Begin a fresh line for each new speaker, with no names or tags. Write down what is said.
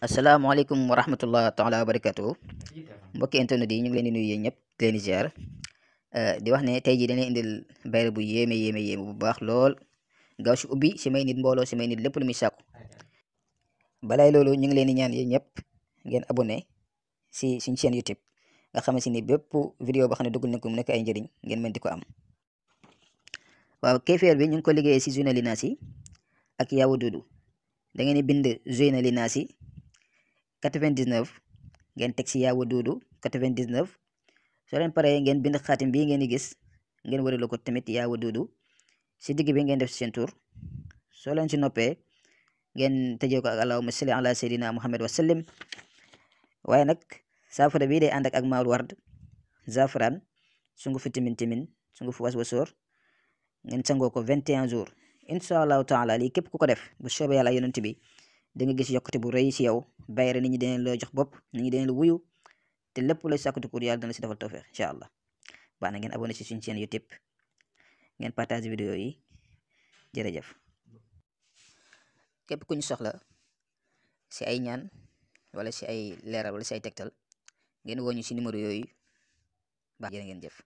asalaamaaleykum wa rahmatullah taala wa barakatuhu mbokki internet ñu ngi leen di nuyu yéen ñëpp di leen eh, di wax ne tey jii indi leen indil bayre bu yéeme yéeme yéeme bu baax lool gaaw si ubbi si may nit mbooloo si may nit lépp lu muy sàkku balay loolu ñu ngi leen di ñaan yéen ñëpp ngeen abonné si suñ chaîne YouTube nga xam ne si ni bépp vidéo boo xam ne dugal nañ ko nekk ay njariñ ngeen mën ko am waaw kéefeer bi ñu ngi ko liggéeyee si Zeyna Linaas yi ak Yawoudoudou da ngeen di bind Zeyna Linaas yi 99 ngeen teg ci yaawa duudu 99 soo leen paree ngeen bind xaatim bii ngeen di gis ngeen wërale ko tamit yaawa duudu si digg bi ngeen def seen tur soo leen si noppee ngeen tëjee ko ak allahumma salli ala sayyidina muhammad wa sallim waaye nag saafara bii day ànd ak ak mawar zafran sungu fi timin timin sungu fi was wasoor ngeen sangoo ko 21 jours incha allahu taala li képp ku ko def bu soobee yàlla yonent bi da nga gis yokkute bu rëy si yow bàyyi rek nit ñi dinañ la jox bopp nit ñi dinañ la wuyu te lépp lay sàkkatu pour yàlla dana si defal tawfeex incha allah baax na ngeen abonné si suñu chaîne YouTube ngeen partage vidéo yi jërëjëf képp ku ñu soxla si ay ñaan wala si ay leeral wala si ay tegtal ngeen woo si numéro yooyu baax jërë ngeen jëf